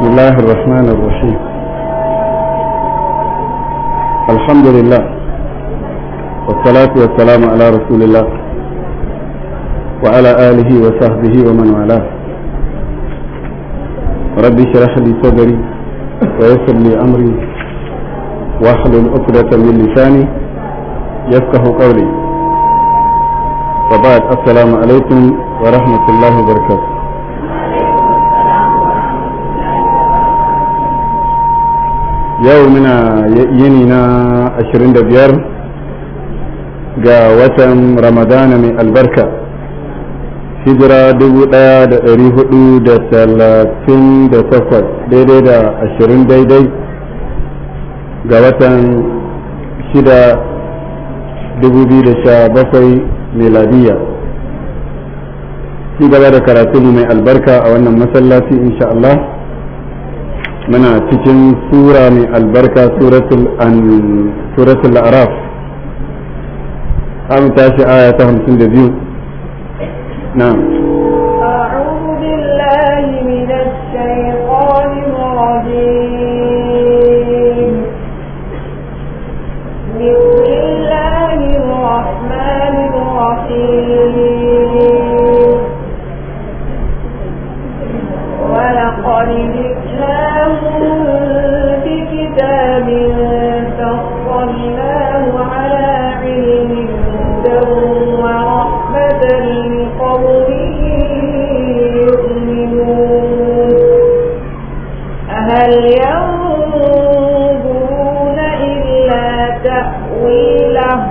بسم الله الرحمن الرحيم الحمد لله والصلاة والسلام على رسول الله وعلى آله وصحبه ومن والاه ربي اشرح لي صدري ويسر لي أمري واحلل عقدة من لساني يفقه قولي وبعد السلام عليكم ورحمة الله وبركاته yau muna yini na 25 ga watan ramadana mai albarka hijira 1438 daidai da 20 daidai ga watan 6 2017 meladiya ci gaba da karatu mai albarka a wannan masallaci insha Allah muna cikin sura mai albarka suratul araf an tashi aya ta hamsin da biyu na ينظرون إلا تأويله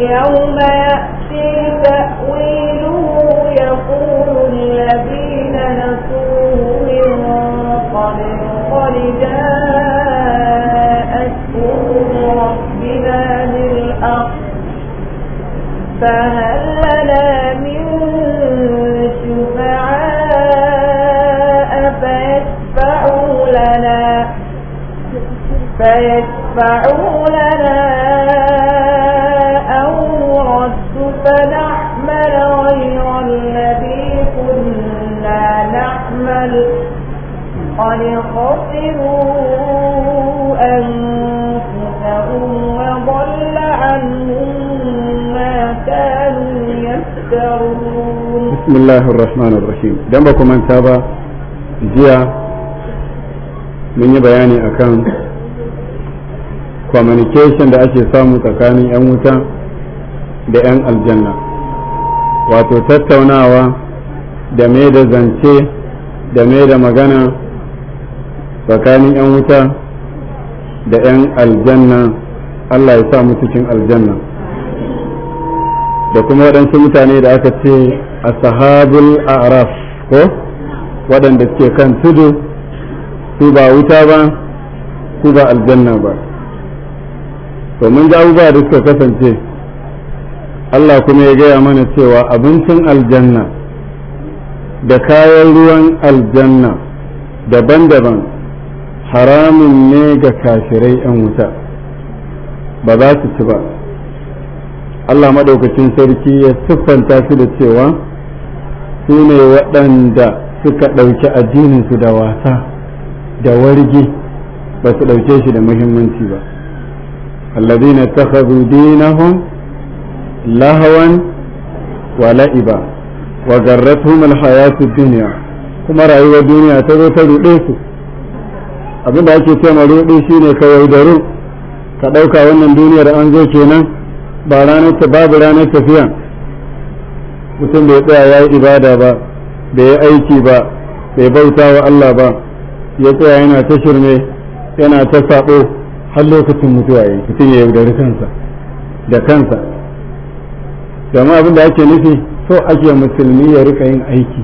يوم يأتي يدفعوا لنا أو نرد فنحمل غير الذي كنا نحمل قل خسروا أنفسهم وضل عنهم ما كانوا يفترون بسم الله الرحمن الرحيم دمكم من تابع jiya من يبياني أكان communication da ake samu tsakanin 'yan wuta da 'yan aljanna wato tattaunawa da me da zance da me da magana tsakanin 'yan wuta da 'yan aljanna Allah ya sa mu cikin aljanna da kuma waɗansu mutane da aka ce a sahabul araf ko waɗanda ke kan tudu su ba wuta ba su ba aljanna ba to mun ga abubuwa da suka kasance Allah kuma ya gaya mana cewa abincin aljanna da kayan ruwan aljanna daban-daban haramun ne ga kafirai 'yan wuta ba za su ci ba Allah maɗaukacin sarki ya siffanta su da cewa su ne waɗanda suka ɗauki addininsu da wasa da warge ba su ɗauke shi da muhimmanci ba الذين اتخذوا دينهم rayuwar duniya ta الحياة الدنيا كما abin da ake cewa ruɗi shine ka yaudaru ka wannan duniyar an zo kenan ba ranar ranar tafiya mutum bai tsaya ya yi ibada ba bai yi aiki ba bai bauta wa Allah ba ya tsaya yana ta shirme yana ta saɓo har lokacin mutuwa yi mutum ya yaudari kansa da kansa domin abin da ake nufi so ake musulmi ya rika yin aiki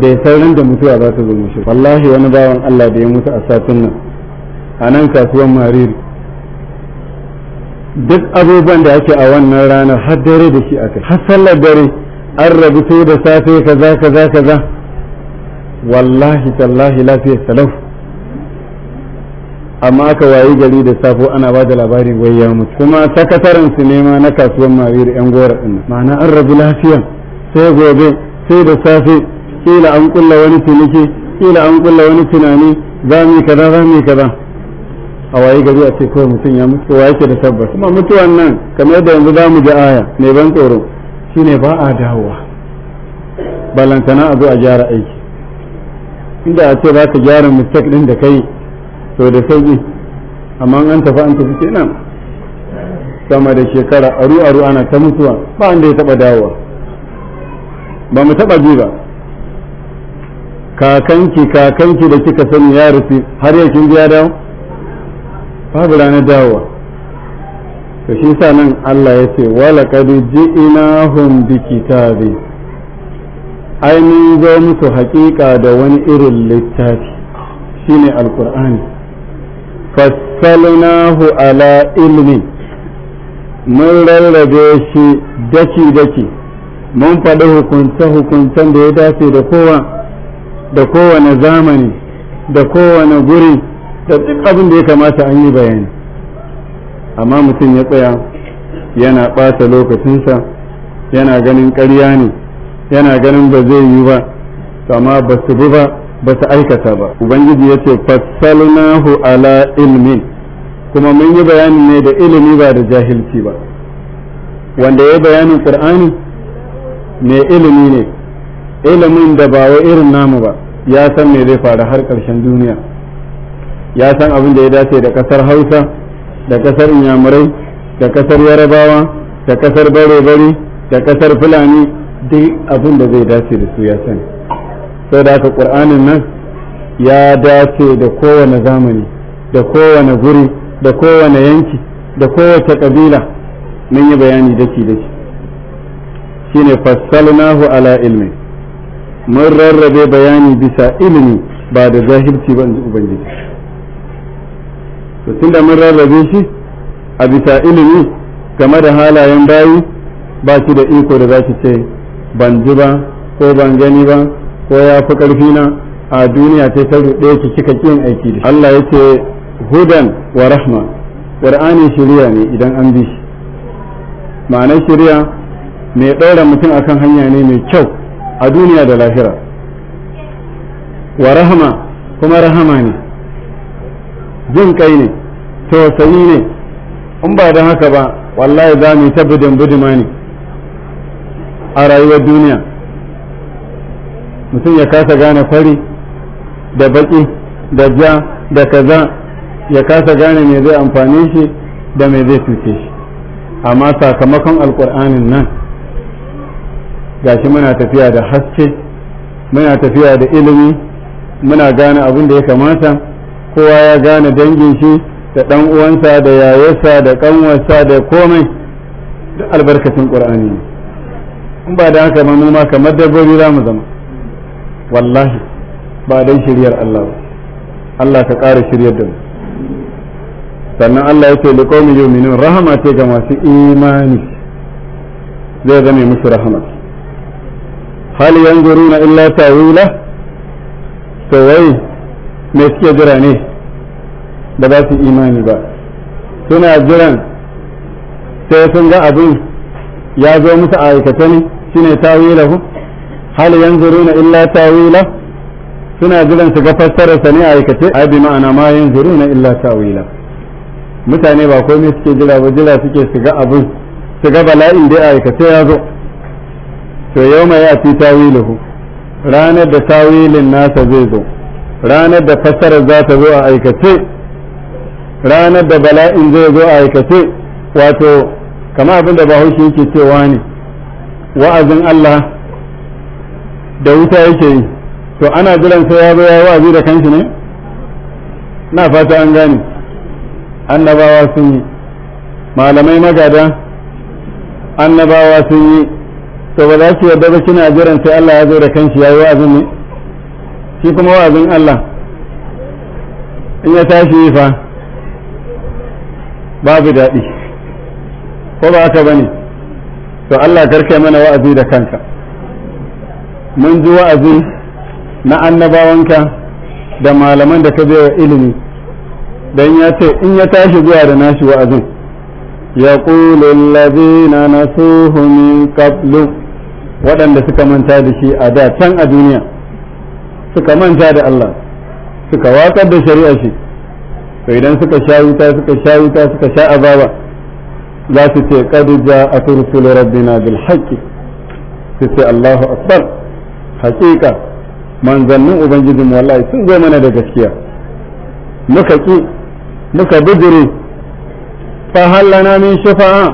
da ya sauran da mutuwa za ta zo mushi wallahi wani bawan Allah da ya mutu a satin nan a nan kasuwan mariri duk abubuwan da ake a wannan ranar har dare da shi aka har sallar dare an rabu sai da safe kaza kaza kaza wallahi tallahi lafiyar salau amma aka wayi gari da safo ana ba da labari wai ya mutu kuma sakataren su ne ma na kasuwan da yan gora din ma'ana an rabu lafiya sai gobe sai da safe kila an kulla wani tunike kila an kulla wani tunani za mu kaza za mu kaza a wayi gari a ce kawai mutum ya mutu wa yake da tabbas kuma mutuwan nan kamar yadda yanzu za mu ji aya ne ban tsoro shine ba a dawowa balantana a zo a gyara aiki inda a ce ba ka gyara mistake din da kai to da sauki amma an tafi an tafi kenan sama da shekara aru aru ana ta mutuwa ba da ya taba dawowa ba mu taba ji ba kakanki kakanki da kika sani ya rufe har yau kin ya dawo babu ranar dawowa to shi sa nan Allah ya ce wala qad ji'nahum bi kitabi ai mun zo musu haƙiƙa da wani irin littafi shine alqur'ani fassalnahu ala ilmin mun rarrabe shi daki-daki mun faɗi hukunce-hukuncen da ya dace da kowa zamani da kowane guri da duk abin da ya kamata an yi bayani amma mutum ya tsaya yana ɓata lokacinsa yana ganin ƙarya ne yana ganin ba zai yi ba amma ba su bi ba ba ta aikata ba ubangiji ya ce fassalnahu ala ilmin kuma mun yi bayani ne da ilimi ba da jahilci ba wanda ya bayanin qur'ani ne ilimi ne ilimin da ba wai irin namu ba ya san me zai fara har ƙarshen duniya ya san abin da ya dace da ƙasar hausa da ƙasar inyamurai da ƙasar yarabawa da ƙasar bare-bare da ƙasar fulani duk abin da zai dace da su ya sani sai da haka qur'anin nan ya dace da kowane zamani da kowane guri da kowane yanki da kowace ƙabila mun yi bayani daki daki shine fassalnahu ala ilmi mun rarrabe bayani bisa ilimi ba da zahirci ba inji ubangiji to tunda mun rarrabe shi a bisa ilimi game da halayen bayi ba shi da iko da za ce ban ji ba ko ban gani ba ko ya fi ƙarfi na a duniya ta ta ɗaya ki cika ƙin aiki da Allah ya ce hudan wa rahma ƙur'ani shiriya ne idan an bi shi ma'anar shiriya mai ɗaura mutum akan hanya ne mai kyau a duniya da lahira wa rahama kuma rahama ne jin kai ne tausayi ne in ba da haka ba wallahi za mu yi ta budin budima ne a rayuwar duniya mutum ya kasa gane fari da baki da ja da kaza ya kasa gane me zai amfani shi da me zai cuce shi amma sakamakon alkur'anin nan gashi muna tafiya da haske muna tafiya da ilimi muna gane abin da ya kamata kowa ya gane dangin shi da ɗan uwansa da yayarsa da ƙanwarsa da komai duk albarkacin ƙur'ani in ba da haka ba mu ma kamar dabbobi za mu zama wallahi ba dai shiryar Allah ba Allah ka ƙara shiryar da mu sannan Allah ya ce liqawmi yu'minun rahama ce ga masu imani zai zame musu rahama hal yanzuruna illa tawila to wai me suke jira ne da ba su imani ba suna jiran sai sun ga abin ya zo musu a ne shine tawilahu hal yanzuruna illa tawila suna jiran su ga fassara sa ne aikace ai bi ma'ana ma yanzuruna illa tawila mutane ba komai suke jira ba jira suke su ga abin su ga bala'in da aikace ya zo to yau mai ya fi tawiluhu ranar da tawilin nasa zai zo ranar da fassarar za ta zo a aikace ranar da bala'in zai zo a aikace wato kama abin da bahaushe yake cewa ne wa'azin Allah da wuta yake yi to ana jiran sai ya zo ya wa'azi da kanshi ne na fata an gane annabawa sun yi malamai magada annabawa sun yi to ba za su yarda ba kina jiran sai Allah ya zo da kanshi ya yi wa'azin ne shi kuma wa'azin Allah in ya tashi yi fa babu daɗi ko ba haka bane to Allah karkai mana wa'azi da kanka mun ji wa'azi na annabawanka da malaman da ka wa ilimi dan ya ce in ya tashi zuwa da nashi wa'azin ya na nasuhu min qablu waɗanda suka manta da shi a da can a duniya suka manta da Allah suka watsar da shari'a shi to idan suka sha wuta suka sha wuta suka sha azaba za su ce kadija ja'at rusul rabbina bil haqqi su ce Allahu akbar haƙiƙa manzannin ubangijin wallahi sun zo mana da gaskiya muka ki muka bijire fa hallana min shafa'a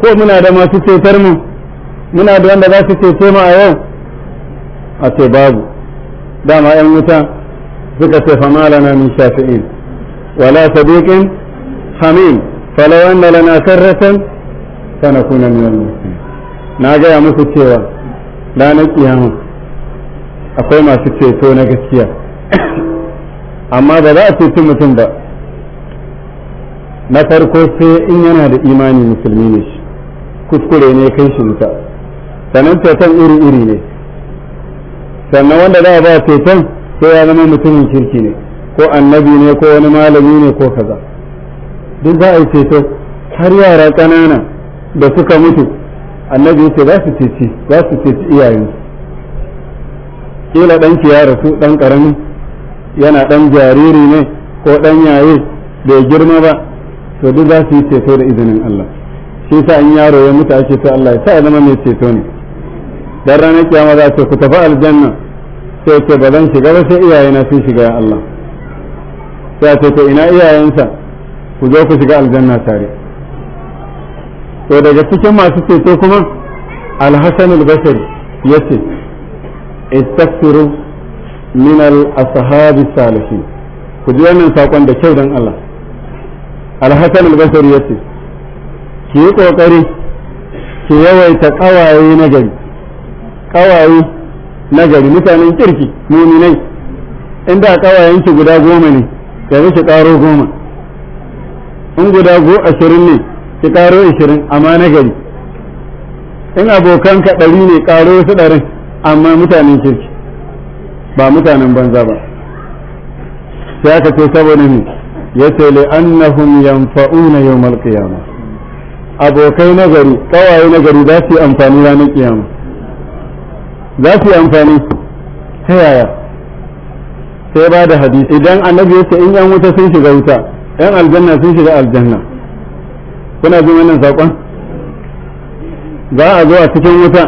ko muna da masu cetar mu muna da wanda za su cece mu a yau a ce babu dama yan wuta suka ce fa malana min shafi'in wala sadiqin hamim falawanna lana sarratan sanakuna min al-muslimin na gaya musu cewa ranar kiyama akwai masu ceto na gaskiya amma ba za a ceci mutum ba na farko sai in yana da imani musulmi ne shi kuskure ne kai shi wuta sannan ceton iri-iri ne sannan wanda za a ba ceton sai ya zama mutumin kirki ne ko annabi ne ko wani malami ne ko kaza duk za a yi ceto har yara ƙanana da suka mutu annabi yace za su ceci za su ceci iyayen kila ɗanki ya rasu dan ƙarami yana dan jariri ne ko dan yaye bai girma ba to duk za su yi ceto da izinin Allah shi sa in yaro ya mutu ake ta Allah ya sa zama mai ceto ne dan ranar kiyama za ce ku tafi aljanna sai ce ba zan shiga ba sai iyayena sun shiga ya Allah sai ce ina iyayensa ku zo ku shiga aljanna tare to daga cikin masu ceto kuma alhassan albashari ya ce istaghfiru min al-ashabi salihin ku ji wannan sakon da kyau don Allah alhassan albashari ya ce ki yi kokari ki yawaita kawaye na gari kawaye na gari mutanen kirki muminai inda kawayen ki guda goma ne ka shi karo goma in guda go ashirin ne ki karo ishirin amma na gari in abokan ka ɗari ne karo wasu ɗarin amma mutanen kirki ba mutanen banza ba sai aka ce saboda ne ya ce annahum yanfa'una yawmal qiyama abokai na gari kawaye na gari za su yi amfani ranar kiyama za su yi amfani ta yaya sai ba da hadisi idan annabi ya ce in yan wuta sun shiga wuta yan aljanna sun shiga aljanna kuna jin wannan saƙon za a zo a cikin wuta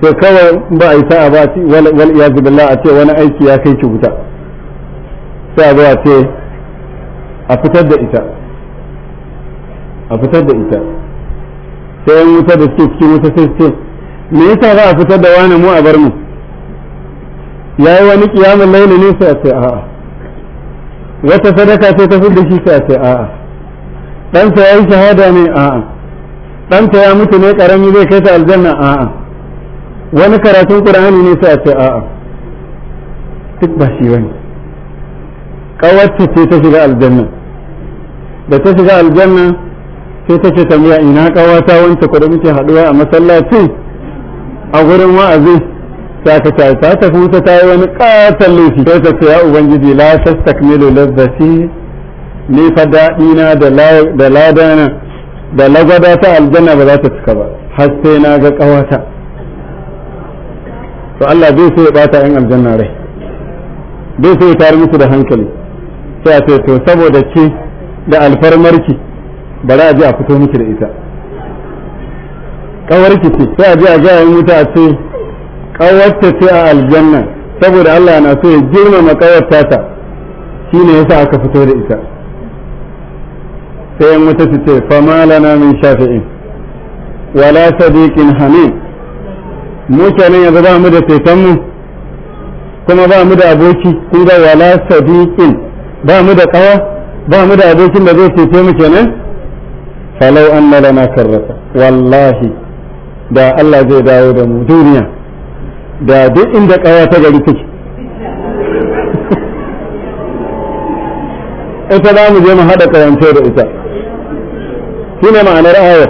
to kawai ba a yi sa'a ba wal iyazu billah a ce wani aiki ya kai ki wuta sai a zo a ce a fitar da ita a fitar da ita sai yan wuta da suke cikin wuta sai ce me yasa za a fitar da wani mu a bar mu yayi wani kiyamun laili ne sai a ce a'a wata sadaka sai ta fi da shi sai a ce a'a ɗansa ya yi shahada ne a'a ɗansa ya mutu ne ƙarami zai kai ta aljanna a'a wani karatun ƙur'ani ne sai a ce a'a duk ba shi wani ƙawarta ce ta shiga aljanna da ta shiga aljanna sai ta ce tambaya ina ƙawata wanta kuɗi muke haɗuwa a masallaci a gurin wa'azi ta ka ta tafi wuta ta yi wani ƙaton laifi sai ta ce ya ubangiji la tastakmilu lazzati ni fa daɗi na da ladana da lagwada ta aljanna ba za ta cika ba har sai na ga ƙawata to Allah zai so ya bata yan aljanna rai zai so ya tare musu da hankali sai a ce to saboda ke da alfarmarki bari a je a fito miki da ita ƙawarki ce sai a je a gaya wuta a ce ƙawarta ce a aljanna saboda Allah na so ya girmama ƙawarta ta shine yasa aka fito da ita sai yan wuta su ce fama lana min shafi'in wala sadiqin hamid mu kenan yanzu ba mu da ceton mu kuma ba mu da aboki kun ga wala sadiqin ba mu da kawa ba mu da abokin da zai cece mu kenan falau anna lana karrata wallahi da Allah zai dawo da mu duniya da duk inda kawa ta gari take ita za mu je mu haɗa kayance da ita shi ne ma'anar ayar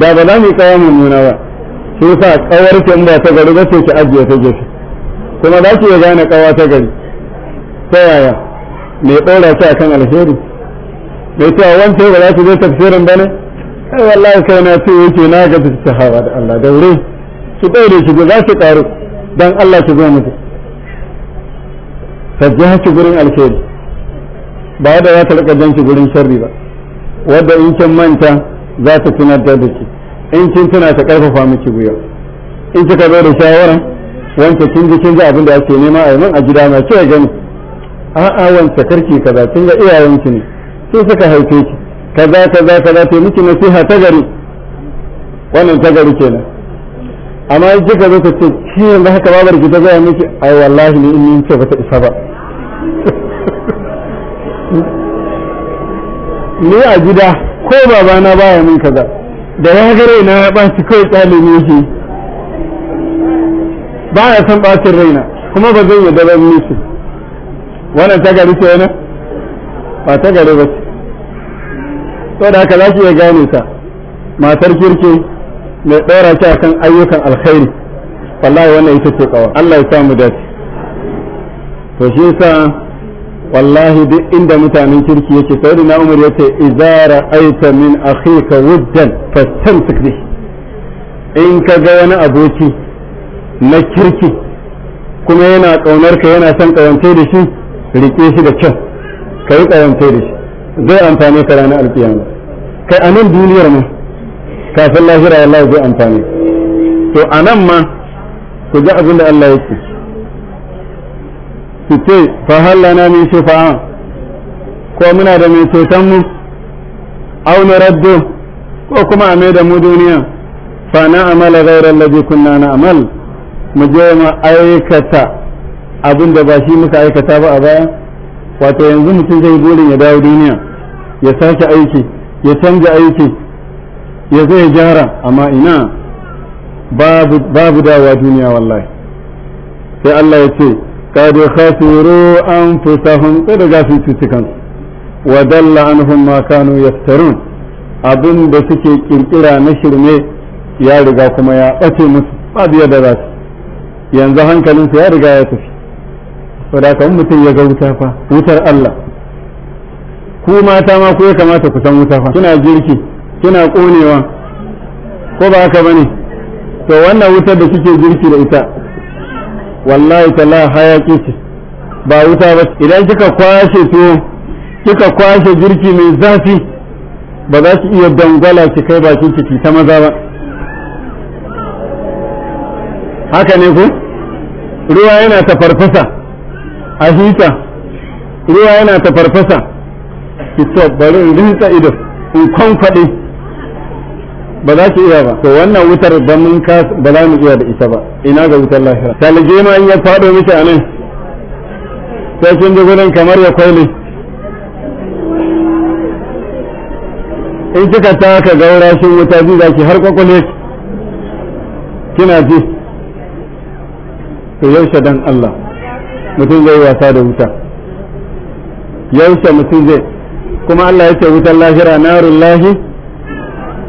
da ba za mu yi kawo mummuna ba shi sa kawar ki in ba ta gari ba sai ki ajiye ta gefe kuma za ki iya gane kawa ta gari ta yaya mai ɗora a kan alheri mai cewa wancan ba za ki je tafsirin ba ne ai wallahi kai na ce yake na ga ta hawa da Allah da wuri ki daure ki za su ƙaru dan Allah ki zo muku sajjaha ki gurin alheri ba da za ta rika jan ki gurin sharri ba wadda in kin manta za ta tuna da ki in kin tuna ta karfafa miki gwiwa in kika zo da shawara wanda kin ji kin ji abin da ake nema a nan a gida na ce gani a'a wanda karki kaza kin ga iyayen ki ne su suka haife ki kaza kaza kaza ta miki nasiha ta gari wannan ta gari kenan amma in kika zo ta ce shi yanzu haka babar ki ta gaya miki ai wallahi ni in ni ce ba ta isa ba ni a gida ko babana baya min kaza da ya gare na ya ɓaci kawai ɗalibi shi ba ya san ɓacin raina kuma ba zan yi daban mishi wannan ta gari ce yana ba ta gari ba ce da haka za ki iya gane ta matar kirki mai ɗora ki akan ayyukan alkhairi wallahi wannan ita ce kawai Allah ya samu dace to shi yasa wallahi duk inda mutanen kirki yake sai na umar yace izara aita min akhika wuddan fastamsik bi in ka ga wani aboki na kirki kuma yana kaunar ka yana son kawance da shi rike shi da kyau kai kawance da shi zai amfane ka ranar alkiyama kai anan duniyar mu kafin lahira wallahi zai amfane to anan ma ku ga abin da Allah yake su ce fa hallana min shifa'a ko muna da mai ceton mu au nuraddu ko kuma a mai da mu duniya fa amala ghayra allazi kunna na'mal mu je mu aikata abin da ba shi muka aikata ba a baya wato yanzu mutum zai burin ya dawo duniya ya sake aiki ya canza aiki ya zai gyara amma ina babu dawa duniya wallahi sai Allah ya ce قد خسروا أنفسهم قد غافل تتكن ودل عنهم ما كانوا يفترون abin da suke kirkira na shirme ya riga kuma ya ɓace musu babu yadda za su yanzu hankalinsu ya riga ya tafi saboda mutum ya ga wuta fa wutar Allah ku mata ma ku ya kamata ku san wuta fa kina girki kina konewa ko ba haka bane Ka wannan wutar da kike girki da ita wallahi tala hayaki ce ba wuta ba idan kika kwashe tuwo kika kwashe girki mai zafi ba za ki iya dangwala ki kai bakin ki ta maza ba haka ne ku ruwa yana ta farfasa a hita ruwa yana ta farfasa ki to bari in rinsa ido in kwan ba za su iya ba to wannan wutar ba mun ka ba za mu iya da ita ba ina ga wutar lahira talge ma in ya fado miki anan sai kin ji gurin kamar ya kwaile in kika taka gaura shin wuta ji za ki har kwakwale kina ji to yaushe dan Allah mutum zai wasa da wuta yaushe mutum zai kuma Allah ya ce wutar lahira narullahi lahi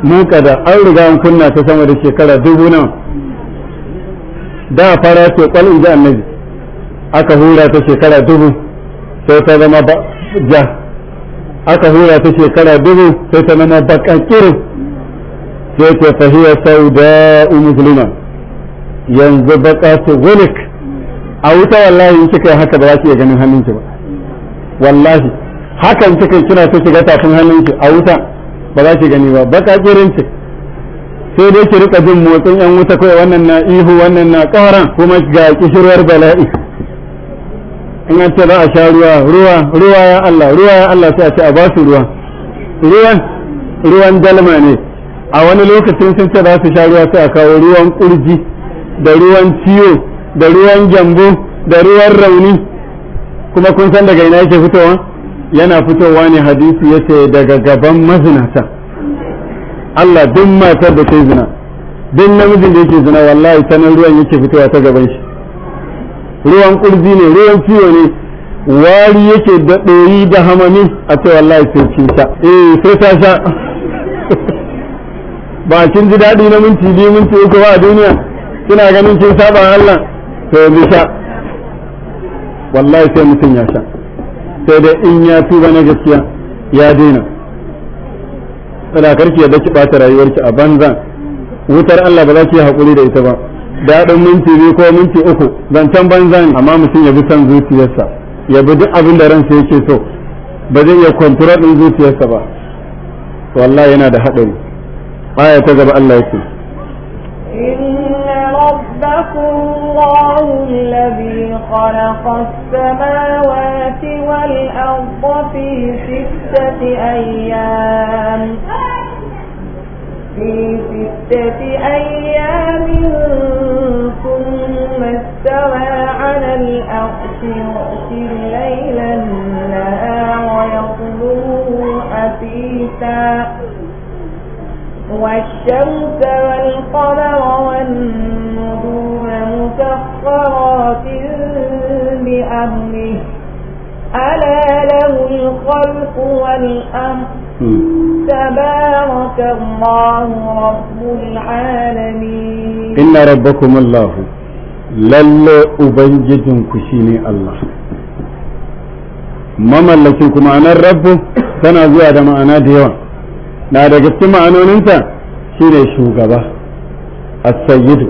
mu kada an riga an kunna ta sama da shekara dubu nan da fara ce kwal inji annabi aka hura ta shekara dubu sai ta zama ja aka hura ta shekara dubu sai ta zama baka kirin sai ta fahiyar sauda musulma yanzu baka ta gulik a wuta wallahi in kika haka ba za ki iya ganin hannunki ba wallahi hakan kika kina ta shiga tafin hannunki a wuta ba za ki gani ba baka kirin ce sai dai ki rika jin motsin yan wuta kawai wannan na ihu wannan na karan kuma ga kishirwar bala'i in an ce za a sha ruwa ruwa ruwa ya Allah ruwa ya Allah sai a ce a ba su ruwa ruwan ruwan dalma ne a wani lokacin sun ce za su sha ruwa sai a kawo ruwan kurji da ruwan ciwo da ruwan gyambo da ruwan rauni kuma kun san daga ina yake fitowa yana fitowa ne hadisi ya ce daga gaban mazinata Allah duk matar da ta zina duk namijin da yake zina wallahi ta nan ruwan yake fitowa ta gaban shi ruwan kurji ne ruwan ciwo ne wari yake da ɗoyi da hamami a ce wallahi sai ci ta eh sai ta sha ba kin ji daɗi na minti biyu minti uku ba a duniya kina ganin kin saba Allah to bi sha wallahi sai mutum ya sha sai dai in ya tuba na gaskiya ya daina tana karki yadda ki bata rayuwarki a banza wutar Allah ba za ki yi haƙuri da ita ba daɗin minti biyu ko minti uku zancen banza ne amma mutum ya bi san zuciyarsa ya bi duk abin da ransa yake so ba zai iya kwantura ɗin zuciyarsa ba wallahi yana da haɗari aya ta gaba Allah yake ربكم الله الذي خلق السماوات والأرض في ستة أيام في ستة أيام ثم استوى على الأرش يغشي الليل النهار ويطلبه حثيثا والشمس والقمر والنجوم مسخرات بأمره ألا له الخلق والأمر تبارك الله رب العالمين إن ربكم الله لل أبنجد كشيني الله ما ملكيكم أنا الرب كان زيادة هذا معنا ديوان na daga cikin ma'anoninta shi ne shugaba a sayidu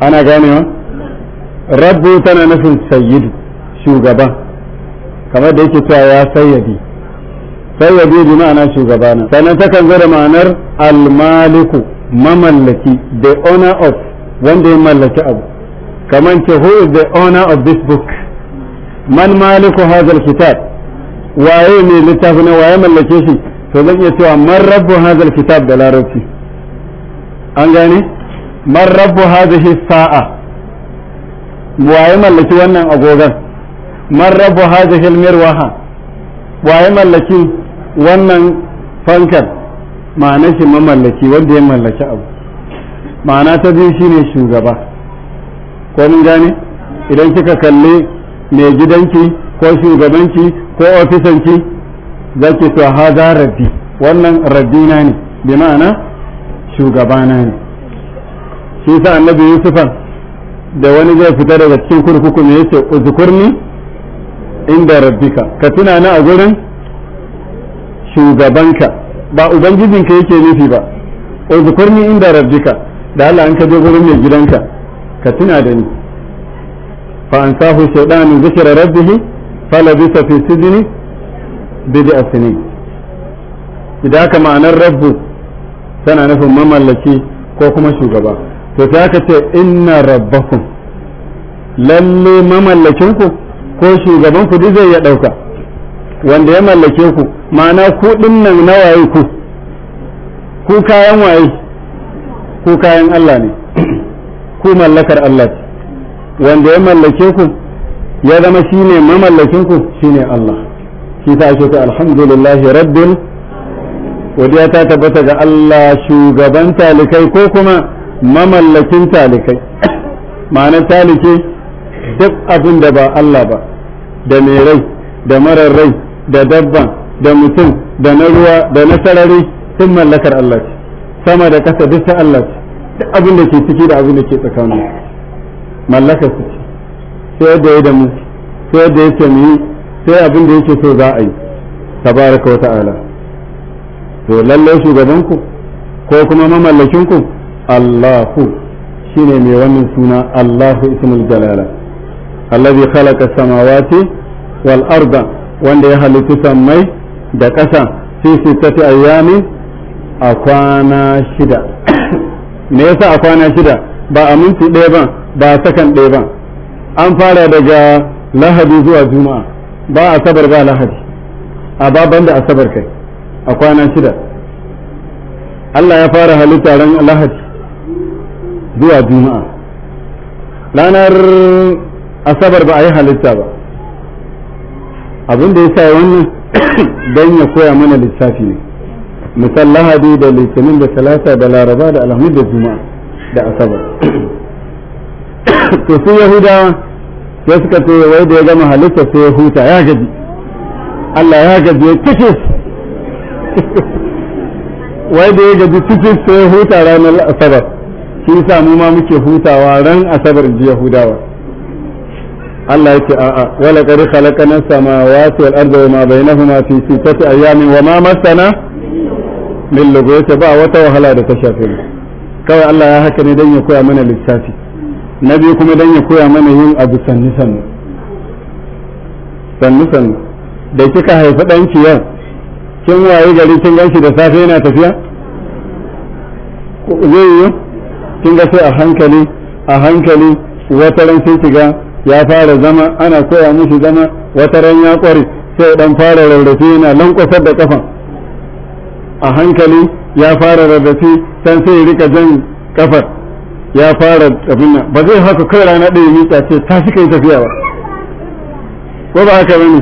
ana ganewa rabu tana nufin sayyidu shugaba kamar da yake cewa ya sayyadi sayyadi bi ma'ana shugaba na sannan takan zo da ma'anar almaliku mamallaki the owner of wanda ya mallaki abu kamar ce who is the owner of this book man maliku hazal kitab waye ne littafi na waye mallake shi to zan iya cewa man rabbu hazal kitab da larabci an gane man rabbu hadhihi sa'a waye mallaki wannan agogan man rabbu hadhihi almirwaha waye mallaki wannan fankar ma'ana shi mamallaki wanda ya mallaki abu ma'ana ta biyu shine shugaba ko mun gane idan kika kalli mai gidanki ko shugabanki ko ofisanki zaki to haza rabbi wannan rabbina ne bi ma'ana shugabana ne shi sa annabi yusuf da wani zai fita daga cikin kurkuku ne yace uzkurni inda rabbika ka tuna na a gurin shugabanka ba ubangijinka yake nufi ba uzkurni inda rabbika da Allah an ka je gurin mai gidanka ka tuna da ni fa an sahu shaytanu zikra rabbih falabisa fi sidni bid'a sinin idan ka ma'anar rabbu tana nufin mamallaki ko kuma shugaba to ta ka ce inna rabbakum lalle mamallakin ku ko shugaban ku zai ya dauka wanda ya mallake ku ma'ana ku na nawaye ku ku kayan waye ku kayan Allah ne ku mallakar Allah wanda ya mallake ku ya zama shine mamallakin ku shine Allah shi ta ce ta alhamdulillahi rabbil wadiya ta tabbata ga Allah shugaban talikai ko kuma mamallakin talikai ma'ana talike duk abin da ba Allah ba da mai rai da marar rai da dabba da mutum da na ruwa da na sarari sun mallakar Allah ce sama da kasa duk ta Allah ce duk abin da ke ciki da abin da ke tsakanin mallakar su ce sai yadda ya da mu sai yadda ya ce yi sai abin da yake so za a yi tabaraka wa ta'ala to lallai shugabanku ko kuma mamallakinku Allahu shine mai wannan suna Allahu ismul jalala alladhi khalaqa samawati wal arda wanda ya halittu sammai da ƙasa fi sittati ayyamin a kwana shida me yasa a kwana shida ba a minti ɗaya ba a sakan ɗaya ba an fara daga lahadi zuwa juma'a ba a sabar ba lahadi a da kai a kwana shida Allah ya fara halitta ran lahadi zuwa juma'a ranar asabar ba a yi halitta ba abin da ya sa wannan don ya koya mana lissafi ne misal lahadi da litinin da talata da laraba da alhamdu da juma'a da asabar to su yahuda ya suka ce wai da ya gama halitta sai ya huta ya gaji Allah ya gaji ya kashe wai da ya gaji cikin sai ya huta ranar asabar shi sa mu ma muke hutawa ran asabar ji yahudawa Allah yake a'a wala qad khalaqana samawati wal arda ma bainahuma fi sittati ayamin ma masana min lughayti ba wata wahala da ta shafe mu kawai Allah ya haka ne dan ya koya mana lissafi na biyu kuma dan ya koya mana yin abu sannu sannu sannu sannu da kika haifi ɗanki yau kin waye gari kin ganshi da safe yana tafiya zai yi kin ga sai a hankali a hankali wata ran sai shiga ya fara zama ana koya mishi zama wata ran ya kware sai dan fara rarrafe yana lankwasar da kafan a hankali ya fara rarrafe san sai rika jan kafar ya fara abin ba zai haka kai rana ɗaya ta ce ta shi kai tafiya ba ko ba haka bane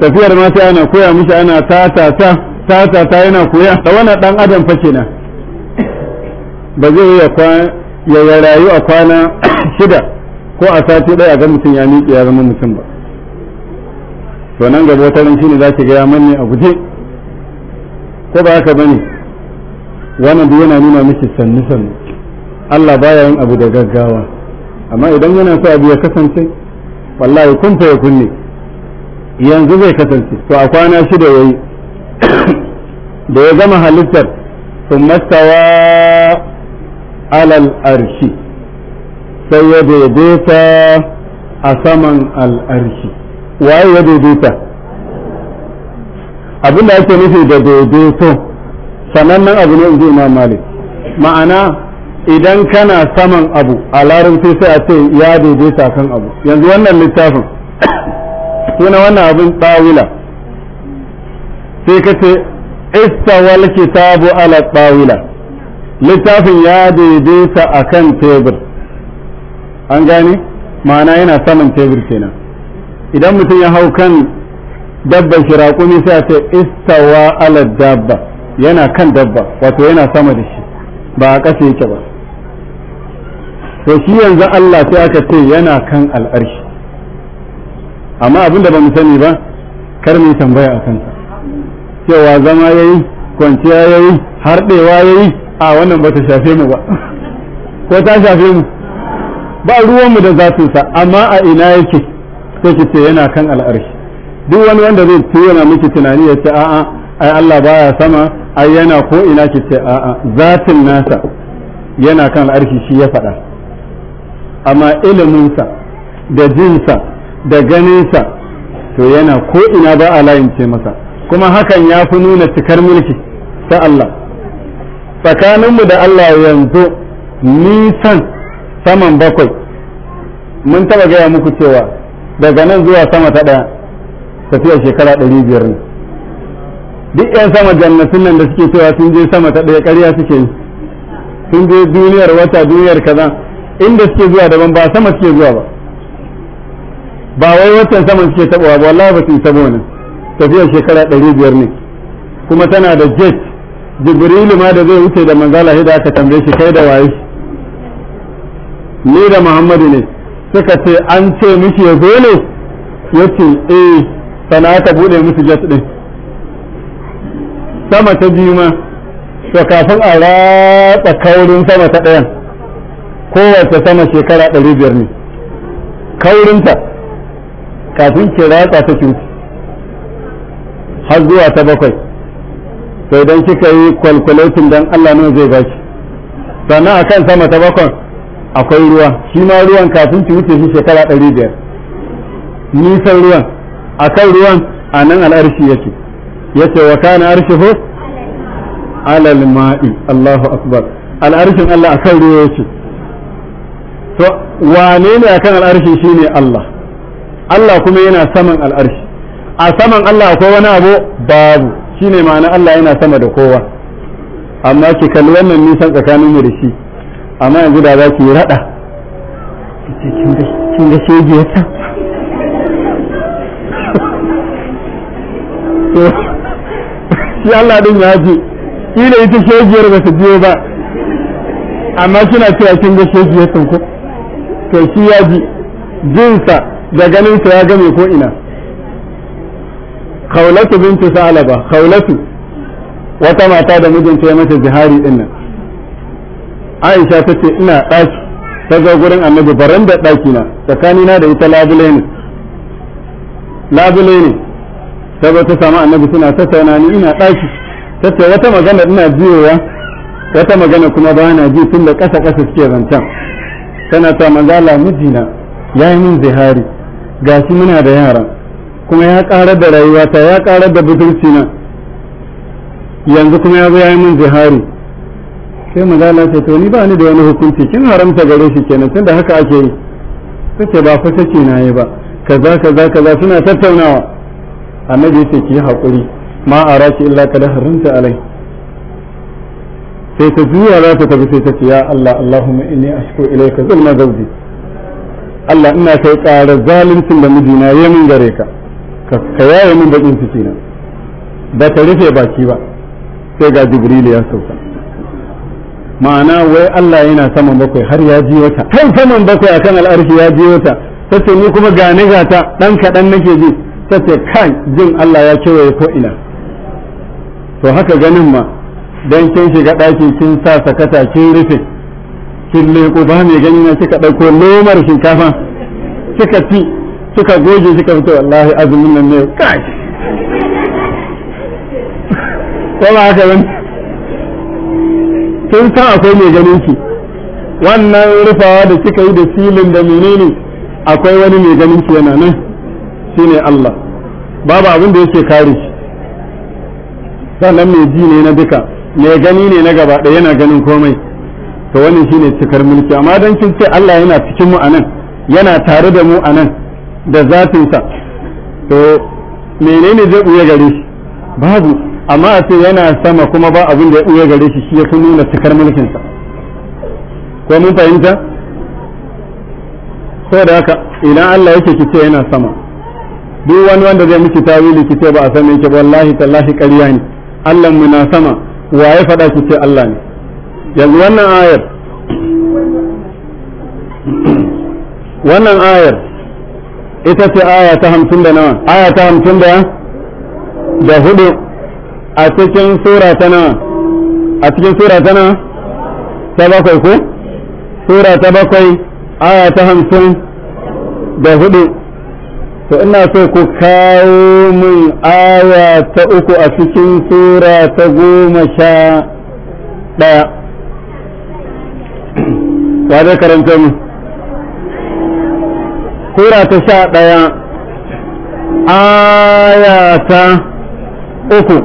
tafiyar ma sai ana koya mishi ana tata ta tata ta ta yana koya da wannan dan adam fa kenan ba zai iya ya rayu a kwana shida ko a sati ɗaya ga mutum ya miƙe ya zama mutum ba to nan gaba wata shi ne za ki ga ya manne a guje ko ba haka bane wannan duk yana nuna miki sannu sannu Allah baya yin abu da gaggawa amma idan yana so abu ya kasance wallahi kun fa kunne yanzu zai kasance to a kwana shida yayi da ya gama halittar sun mastawa alal arshi sai ya daidaita a saman al'arshi waye ya daidaita abin da ake nufi da daidaito sanannen abu ne inji imam malik ma'ana idan kana saman abu a larabci sai a ce ya daidaita kan abu yanzu wannan littafin suna wannan abin tsawila sai ka ce istawal kitabu ala tsawila littafin ya daidaita a kan tebur an gane ma'ana yana saman tebur kenan idan mutum ya hau kan dabba shi raƙumi sai a ce istawa ala dabba yana kan dabba wato yana sama da shi ba a ƙasa yake ba to shi yanzu Allah sai aka ce yana kan al'arshi amma abin da ba mu sani ba kar mu tambaya a kansa cewa zama yayi kwanciya yayi harɗewa yayi a wannan ba ta shafe mu ba ko ta shafe mu ba ruwanmu da sa amma a ina yake sai ki ce yana kan al'arshi duk wani wanda zai tuna miki tunani ya ce a'a ai Allah baya sama ai yana ko ina ki ce a'a zatin nasa yana kan al'arshi shi ya faɗa amma iliminsa da jinsa da ganinsa to yana ko ina ba a layin ce masa kuma hakan ya fi nuna cikar mulki ta Allah tsakaninmu da Allah yanzu nisan saman bakwai mun taba gaya muku cewa daga nan zuwa sama ta ɗaya tafiya shekara ɗari biyar ne duk 'yan sama jannatin nan da suke cewa sun je sama ta ɗaya ƙarya suke yi sun je duniyar wata duniyar kaza inda suke zuwa daban ba sama suke zuwa ba ba wai watan sama suke taɓawa ba wallahi ba su isa ba tafiya shekara ɗari biyar ne kuma tana da jet jibrilu ma da zai wuce da manzala hida aka tambaye shi kai da waye ni da muhammadu ne suka ce an ce miki ya zo ne ya ce eh sana ta bude musu jas din sama ta biyu ma to kafin a ratsa kaurin sama ta ɗayan kowace sama shekara ɗari biyar ne kaurinta kafin ki ratsa ta cuci har zuwa ta bakwai sai dan kika yi calculation dan Allah ne zai baki sannan a kan sama ta bakon akwai ruwa shi ma ruwan kafin ki wuce shi shekara 500 nisan ruwan akan ruwan a nan al'arshi yake yace wa kana arshihu alal ma'i Allahu akbar al'arshin Allah akan ruwa yake to wane ne akan al'arshi shine Allah Allah kuma yana saman al'arshi a saman Allah akwai wani abu babu shine ma'ana Allah yana sama da kowa amma ki kalli wannan nisan tsakanin mu da shi amma yanzu da za ki yi rada kin ga shege yasa shi Allah din ya ji kila ita shegiyar ba su biyo ba amma suna cewa kin ga shegiyar ko to shi ya ji jinsa da ganin sa ya game ko ina khawlatu bintu salaba khawlatu wata mata da mijinta ya mata zihari din nan aisha ta ce ina ɗaki ta zo gurin annabi baran da ɗaki na tsakanina da ita labule ne labule ne ta zo ta samu annabi suna tattauna ni ina ɗaki ta ce wata magana ina jiyowa wata magana kuma ba na ji tun da ƙasa ƙasa suke zancen tana ta manzala mijina ya yi min zihari gashi muna da yara kuma ya ƙara da rayuwata ya ƙara da budurci na yanzu kuma ya zo ya yi min zihari sai mazala ce to ni ba ni da wani hukunci kin haramta gare shi kenan tunda haka ake yi take ba fa take na yi ba kaza kaza kaza suna tattaunawa annabi yace ki haƙuri ma araki illa kada haramta alai sai ta juya za ta tafi sai ta ce ya Allah Allahumma inni ashku ilayka zulma zawji Allah ina kai ƙarar zaluncin da mijina ya gare ka ka yaye min bakin ciki na ba ta rufe baki ba sai ga jibril ya sauka ma'ana wai Allah yana saman bakwai har ya ji wata kai saman bakwai akan al'arshi ya ji wata sace ni kuma ga ni ga ta dan kadan nake ji sace kan jin Allah ya kewaye ko ina to haka ganin ma dan kin shiga daki kin sa sakata kin rufe kin leko ba mai ganin kika dauko lomar shinkafa kika ci suka goge suka fito wallahi azumin nan ne kai ko ba haka ban Tun san akwai mai ganin ki wannan rufawa da kika yi da filin da menene akwai wani mai ganin ki yana nan shine Allah babu abin da yake kare shi sannan mai ji ne na duka mai gani ne na gaba da yana ganin komai to wannan shine cikar mulki amma dan kin ce Allah yana cikin mu anan yana tare da mu anan da sa to menene zai ɓuya gare shi babu amma a ce yana sama kuma ba abin da ya ɓuya gare shi shi ya fi nuna cikar mulkinsa ko mun fahimta da haka idan Allah yake kice yana sama duk wani wanda zai miki tawili kice ba a san yake wallahi tallahi ƙarya ne Allah mu na sama wa ya faɗa kice Allah ne yanzu wannan ayar wannan ayar ita ce aya ta hamsin da nawa aya ta hamsin da da hudu a cikin sura ta nawa a cikin sura ta nawa ta bakwai ko sura ta bakwai aya ta hamsin da hudu to ina so ku kawo min aya ta uku a cikin sura ta goma sha ɗaya wa zai karanta mu sura ta sha ɗaya aya ta uku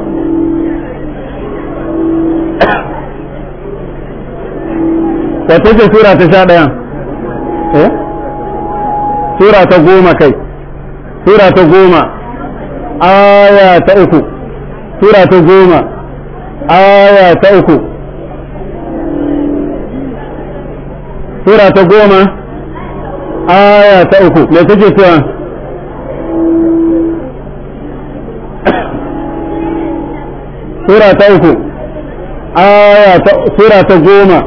wata ce sura ta sha ɗaya eh sura ta goma kai sura ta goma aya ta uku sura ta goma aya ta uku sura ta goma aya ta uku me kake cewa sura ta uku aya ta sura ta goma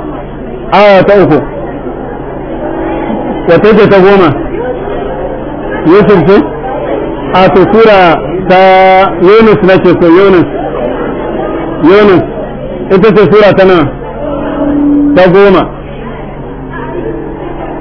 aya ta uku ya ce ta goma yusuf ce a to sura ta yunus na ce so yunus yunus ita ce sura ta nan ta goma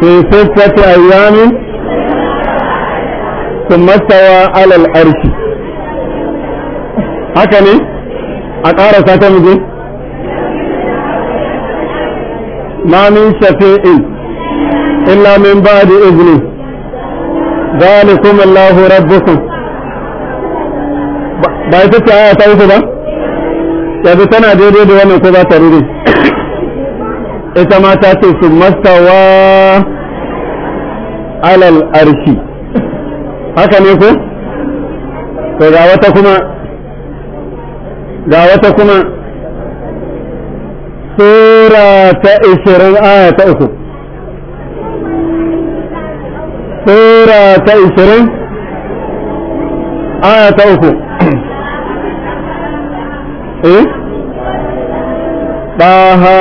في ستة أيام ثم استوى على الأرش هكذا أقارى ساتمجي ما من شفيء إلا من بعد إذنه ذلكم الله ربكم بايتك ita ce aya ta uku دي yanzu tana daidai da wannan ita ma ta ce su mastawa alal arshi haka ne ko to ga wata kuma ga wata kuma sura ta ishirin aya ta uku sura ta ishirin aya ta uku eh ha.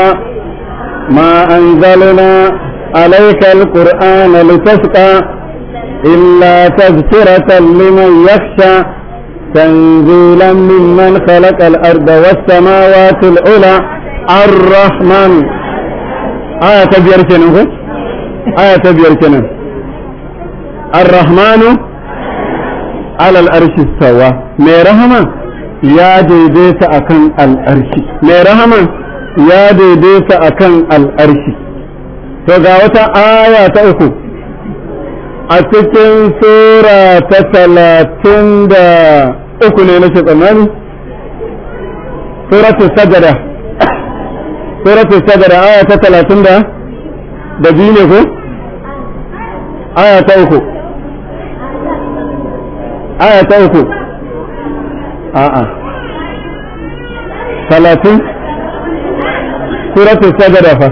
ما أنزلنا عليك القرآن لتشقى إلا تذكرة لمن يخشى تنزيلا ممن خلق الأرض والسماوات العلى الرحمن آية تبير كنه آية تبير كنه الرحمن على الأرش استوى ميرهما يا ديديت أكن الأرش ميرهما ya daidaita akan al'arshi to ga wata aya ta uku a cikin sura ta talatin da uku ne nake tsammani suratul sajada suratul sajada aya ta talatin da da biyu ne ko aya ta uku aya ta uku a'a talatin suratul sajada fa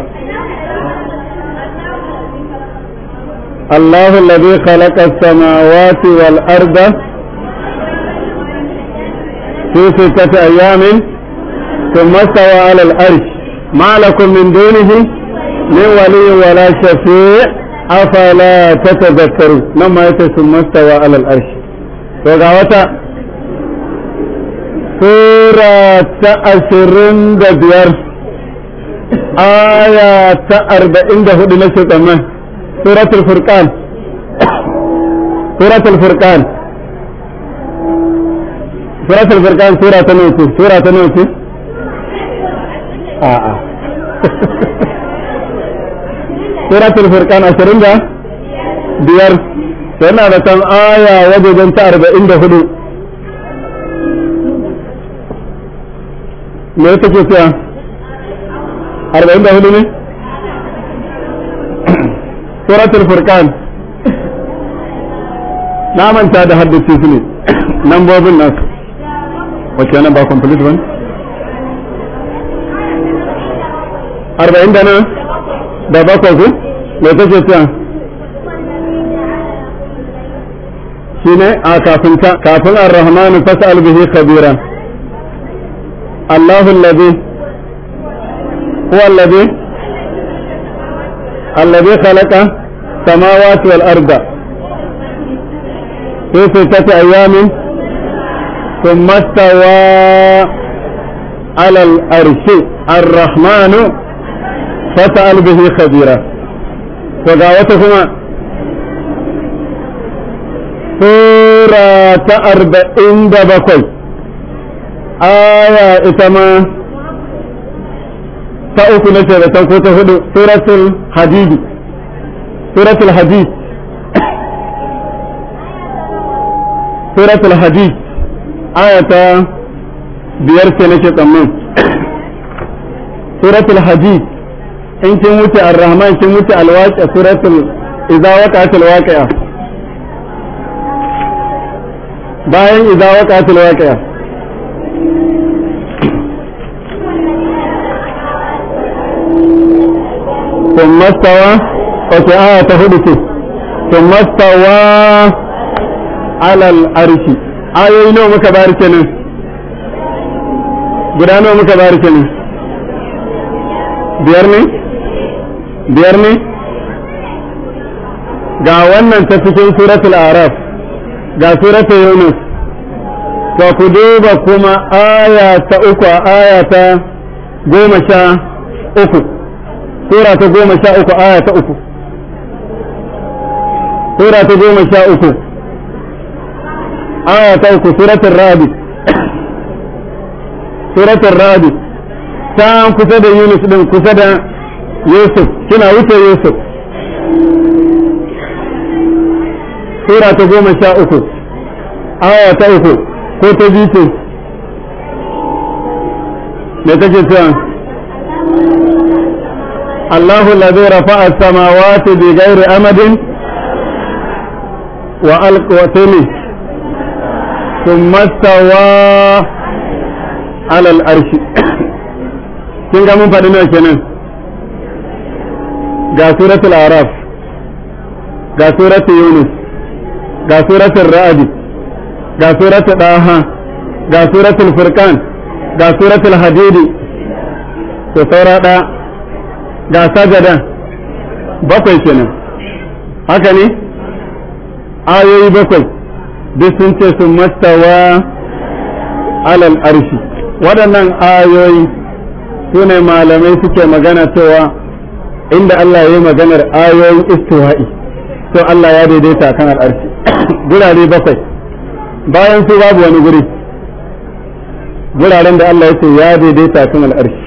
الله الذي خلق السماوات والأرض في ستة أيام ثم استوى على الأرش ما لكم من دونه من ولي ولا شفيع أفلا تتذكرون لما ثم استوى على الأرش وقعوتا سورة أشرين دبيار aya ta arba'in da hudu na shaitanman suratul furqan suratul furqan suratul furqan sura ta nawa ce sura ta nawa ce a'a suratul furqan da yana da kan aya wajen ta da me take arba'in da hudu ne suratul furqan na manta da haddace su ne lambobin nasu wacce nan ba complete bane arba'in da nan da bakwai ku me kake cewa shi ne a kafin kafin ar-rahmanu fas'al bihi khabira Allahu allazi هو الذي الذي خلق السماوات والأرض في ستة أيام ثم استوى على الأرش الرحمن فسأل به خبيرا وقاوتهما سورة أربعين دبقي آية إتمام ta uku na sharaton ko ta hudu suratul hadidi suratul hadid suratul hadid aya ta biyar ce nake tsammin suratul hadid in kin wuce ar-rahman kin wuce al-waqi'a suratul idza waqa'at al-waqi'a bayan idza waqa'at al-waqi'a ثم استوى وفي آية تهدك ثم استوى على الأرش آية نوم كبارك nawa muka bari ke ne biyar ne biyar ne ga wannan ta cikin suratul araf ga suratul yunus to ku duba kuma aya ta uku aya ta goma sha uku sura ta goma sha uku aya ta uku sura ta goma sha uku aya ta uku suratul rabi suratul rabi ta kusa da yunus din kusa da yusuf kina wuce yusuf sura ta goma sha uku aya ta uku ko ta biyu ce me take cewa الله الذي رفع السماوات بغير أمد وألقوتني ثم استوى على الأرش kin ga mun faɗi nawa kenan ga sajadan bakwai kenan haka ne ayoyi bakwai duk sun ce sun mastawa alal arshi waɗannan ayoyi su ne malamai suke magana cewa inda Allah ya yi maganar ayoyin istiwa'i to Allah ya daidaita kan al'arshi gurare bakwai bayan su babu wani guri guraren da Allah ya ce ya daidaita kan al'arshi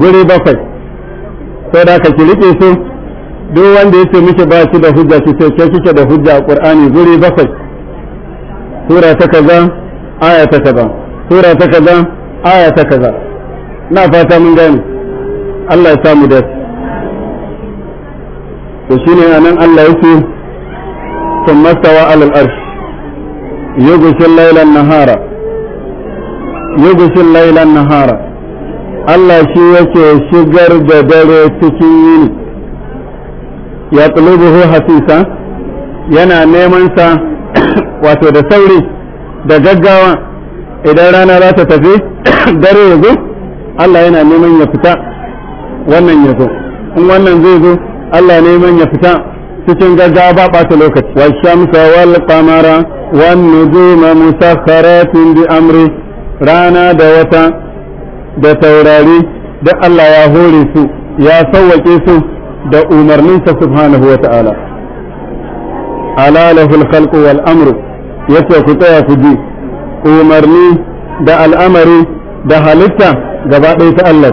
guri bakwai sai da ka ki rike su duk wanda ya ce miki ba shi da hujja ki ce ke kike da hujja a Qur'ani guri bakwai sura ta kaza aya ta kaza sura ta kaza aya ta kaza na fata mun gani Allah ya samu da to shine anan Allah yake ثم استوى على الأرش يغشي الليل النهار يغشي الليل النهار Allah shi yake shigar da dare cikin yini ya tsulubuhu hasisa yana neman sa wato da sauri da gaggawa idan rana za ta tafi dare ya zo Allah yana neman ya fita wannan ya zo in wannan zai zo Allah neman ya fita cikin gaggawa ba ɓata lokaci wa shamsa wal qamara wan nujuma musakharatin bi amri rana da wata da taurari da Allah ya hore su ya sauwake su da umarninsa subhanahu wa ta'ala alalahul khalqu wal amru yace ku tsaya ku ji umarni da al'amari da halitta gaba ɗaya ta Allah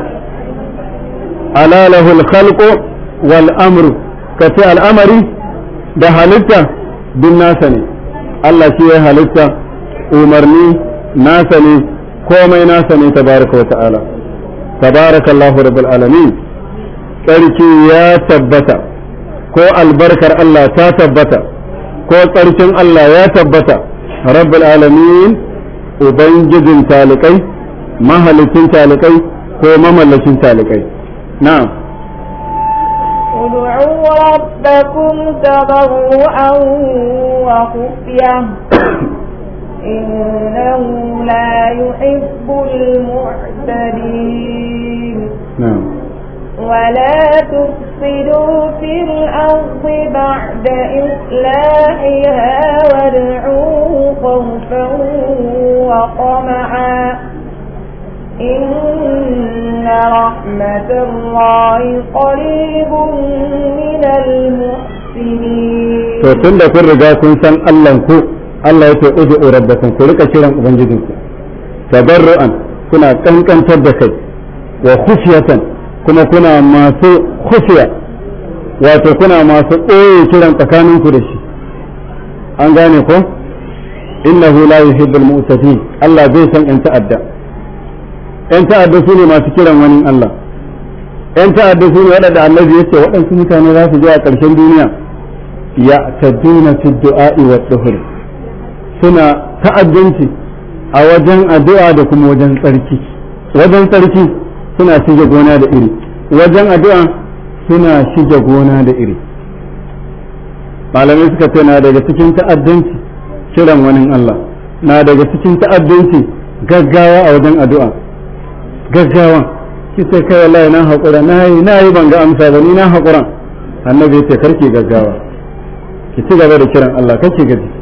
alalahul khalqu wal amru ka al'amari da halitta duk nasa ne Allah shi ya halitta umarni nasa ne komai nasa ne tabaraka wa ta'ala tabarakallahu rabbul alamin tsarki ya tabbata ko albarkar Allah ta tabbata ko tsarkin Allah ya tabbata rabbul alamin ubangijin talikai mahalicin talikai ko mamallakin talikai na'am ادعوا ربكم تضرعا وخفيه إنه لا يحب المعتدين نعم ولا تفسدوا في الأرض بعد إصلاحها وادعوه خوفا وطمعا إن رحمة الله قريب من المحسنين فتنة في kun riga kun Allah ya yake ud'u rabbakum ku rika kiran ubangijinku tabarru'an kuna kankantar da kai wa khufyatan kuma kuna masu khufya wato kuna masu ɓoye kiran tsakaninku da shi an gane ko Inna hu la yuhibbul mu'tafin Allah zai san yan ta'adda yan ta'adda su ne masu kiran wani Allah yan ta'adda su ne waɗanda Allah ya ce waɗansu mutane za su je a ƙarshen duniya ya ta duna fi du'a'i wa dhuhri suna ta'addanci a wajen addu'a da kuma wajen tsarki wajen tsarki suna shige gona da iri wajen addu'a suna shige gona da iri malamai suka ce na daga cikin ta'addanci kiran wani Allah na daga cikin ta'addanci gaggawa a wajen addu'a gaggawa ki sai kai wallahi na haƙura na yi na yi ban ga amsa ba ni na haƙura annabi ya ce karki gaggawa ki ci gaba da kiran Allah kake gaji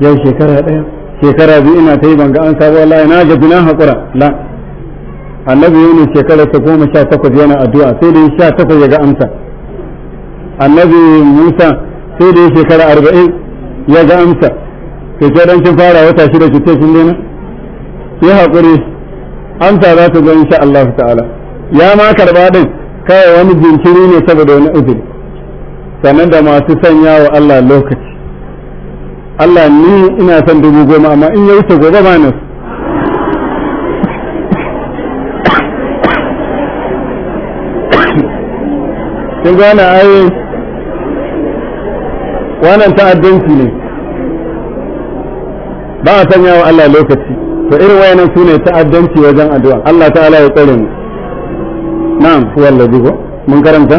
yau shekara ɗaya shekara biyu ina ta yi banga an sabo wala na ga na haƙura la annabi yunus shekara ta goma sha takwas yana addu'a sai da sha takwas ya ga amsa annabi musa sai da shekara arba'in ya ga amsa to ce dan kin fara wata shida ki ce kin dena ya haƙuri amsa za ta zo insha Allah ta'ala ya ma karba din kai wani jinkiri ne saboda wani uzuri sannan da masu sanya wa Allah lokaci Allah ni ina son dubu goma amma in ya wuce gobe ba kin ga wannan ai wannan ta'addanci ne ba a sanya wa Allah lokaci to irin wayannan su ne ta'addanci wajen addu'a Allah ta'ala ya tsare mu na'am wallahi ko mun karanta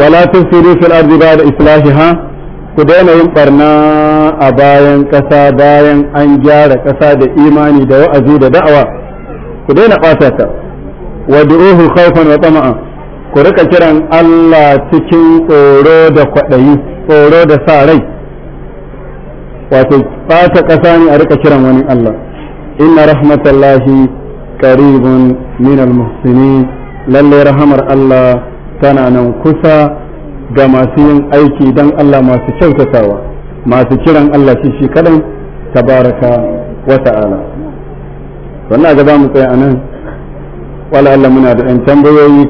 wala tusiru fil ardi ba'da islahiha ku daina yin barna a bayan ƙasa bayan an gyara ƙasa da imani da wa'azi da da'awa ku daina ɓata ta wa du'uhu khawfan wa tama'a ku rika kiran Allah cikin tsoro da kwaɗayi tsoro da sa rai wato ɓata ƙasa ne a rika kiran wani Allah inna rahmatallahi qaribun min al-muhsinin lalle rahamar Allah tana nan kusa ga masu yin aiki don Allah masu kyautatawa masu kiran Allah shi shi kadan tabaraka wa ta'ala wannan ga mu tsaya anan wala Allah muna da ɗan tambayoyi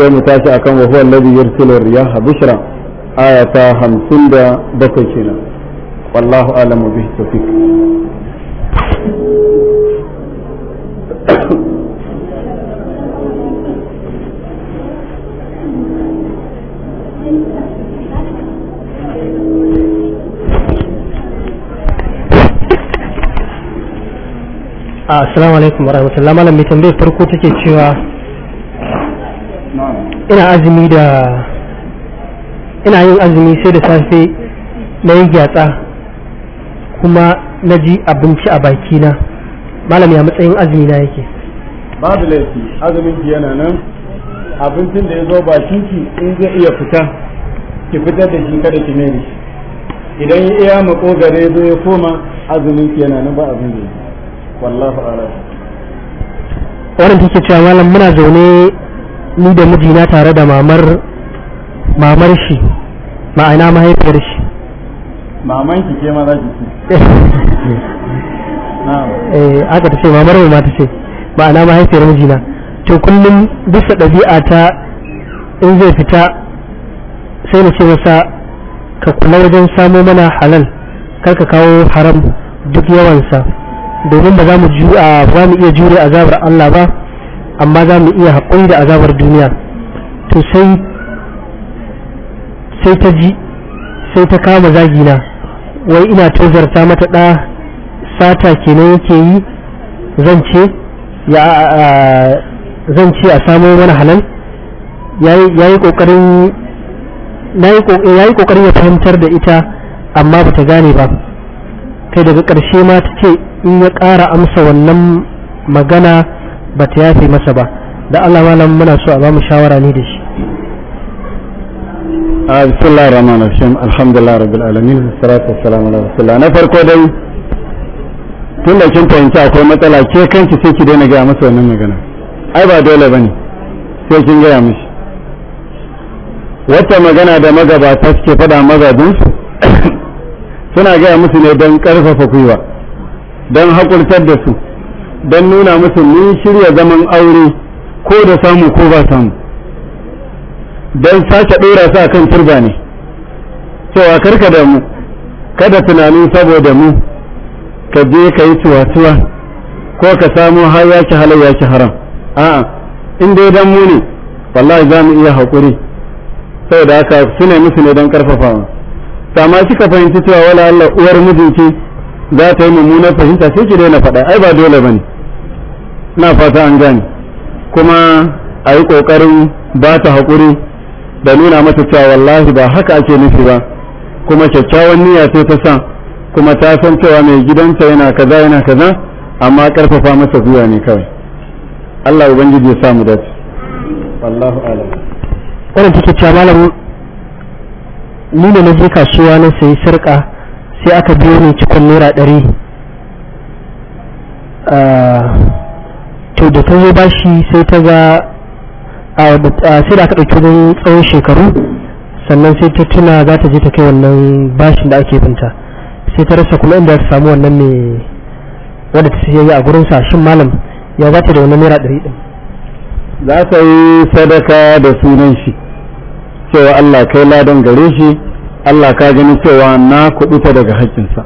sai mu tashi akan wa huwa alladhi yursilu riyaha bushra aya ta 57 kenan wallahu a'lamu bihi tawfiq assalamu alaikum wa rahmatullah malam mai tambayar farko take cewa ina azumi da ina yin azumi sai da safe na yi gyatsa kuma na ji abinci a baki na malam ya matsayin azumi na yake babu laifi azumin ki yana nan abincin da ya zo bakin ki in zai iya fita ki fitar da shi kada ki nemi idan ya iya makogare zai ya koma azumin ki yana nan ba abin da wallahu a'lam wannan take cewa malam muna zaune ni da mijina tare da mamar mamar shi ma'ana mahaifiyar shi maman ki ke ma za ki ce eh aka ta ce mamar mu ma ta ce ma'ana mahaifiyar mijina to kullum bisa ɗabi'a ta in zai fita sai na ce masa ka kula wajen samo mana halal kar ka kawo haram duk yawansa domin ba za mu iya jure azabar Allah ba amma za mu iya haƙuri da azabar duniya to sai ta ji sai ta kama zagina wai ina tozarta mata ɗa sata kenan yake yi zan ce a samo mana halal ya yi ƙoƙarin ya fahimtar da ita amma ba ta gane ba kai daga ƙarshe ma ta ce in ya ƙara amsa wannan magana ba ta yafe masa ba da Allah malam muna so a ba mu shawara ne da shi bismillahir rahmanir rahim alhamdulillah rabbil alamin wassalatu wassalamu ala rasulillah na farko dai tun da kin fahimci akwai matsala ke kanki sai ki daina gaya masa wannan magana ai ba dole bane sai kin gaya mishi wata magana da magabata suke faɗa mazajinsu suna gaya musu ne don ƙarfafa gwiwa don haƙurtar da su don nuna musu mun shirya zaman aure ko da samu ko ba samu don sake ɗora su kan turba ne cewa karka da mu kada tunanin saboda mu ka je ka yi tuwa-tuwa ko ka samu har ya ci halayya ya ci haram a'a in dai dan mu ne wallahi za mu iya haƙuri saboda haka su ne musu ne don ƙarfafawa sama kika fahimci cewa wala Allah uwar mijinki za ta yi mummunar fahimta sai ki daina faɗa ai ba dole ba ne na fata an gane kuma a yi ƙoƙarin ba ta haƙuri da nuna mata cewa wallahi ba haka ake nufi ba kuma kyakkyawan niyya ce ta sa kuma ta san cewa mai gidanta yana kaza yana kaza amma ƙarfafa masa zuwa ne kawai Allah ubangiji ya samu dace wallahu a'lam wannan take cewa malamu ni da na je kasuwa na sayi sarka sai aka biyo ni cikon naira ɗari ah, to da ta zo bashi sai ta ga sai da aka ɗauki wajen tsawon shekaru sannan sai ta tuna za ta je ta kai wannan bashin da ake binta sai ta rasa kuma inda ta samu wannan mai wadda ta siya a gurinsa shin malam ya za ta da wannan naira ɗari ɗin za ta yi sadaka da sunan shi cewa Allah kai ladan gare shi Allah ka gani cewa na ta daga haƙƙinsa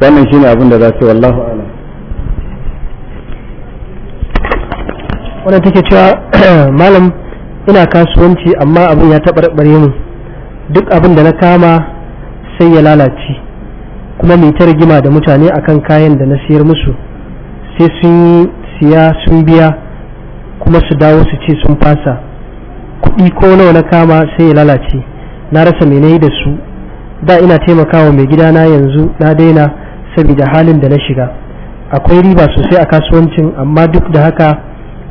wannan shine abin da za wallahu ala wannan take cewa malam ina kasuwanci amma abin ya taɓarɓare mu duk abin da na kama sai ya lalace kuma mai ta rigima da mutane akan kayan da na siyar musu sai sun siya sun biya kuma su dawo su ce sun fasa kuɗi ko nawa na kama sai ya lalace na rasa me da su da ina taimakawa mai gida na yanzu na daina saboda halin da na shiga akwai riba sosai a kasuwancin amma duk da haka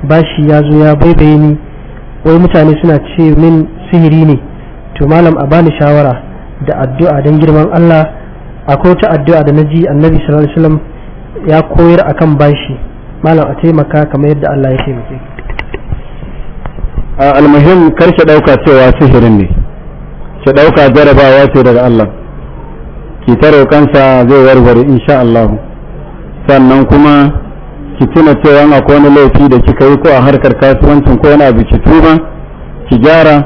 bashi ya zo ya baibaye ni wai mutane suna ce min sihiri ne to malam a bani shawara da addu'a don girman Allah akwai wata addu'a da na ji annabi sallallahu alaihi wasallam ya koyar akan bashi malam a taimaka kamar yadda Allah ya taimake almuhim kar ki ɗauka cewa sihirin ne ki ɗauka jarabawa ce daga Allah ki taro kansa zai warware insha Allah sannan kuma ki tuna cewa akwai wani laifi da kika yi ko a harkar kasuwancin ko wani abu ki tuba ki gyara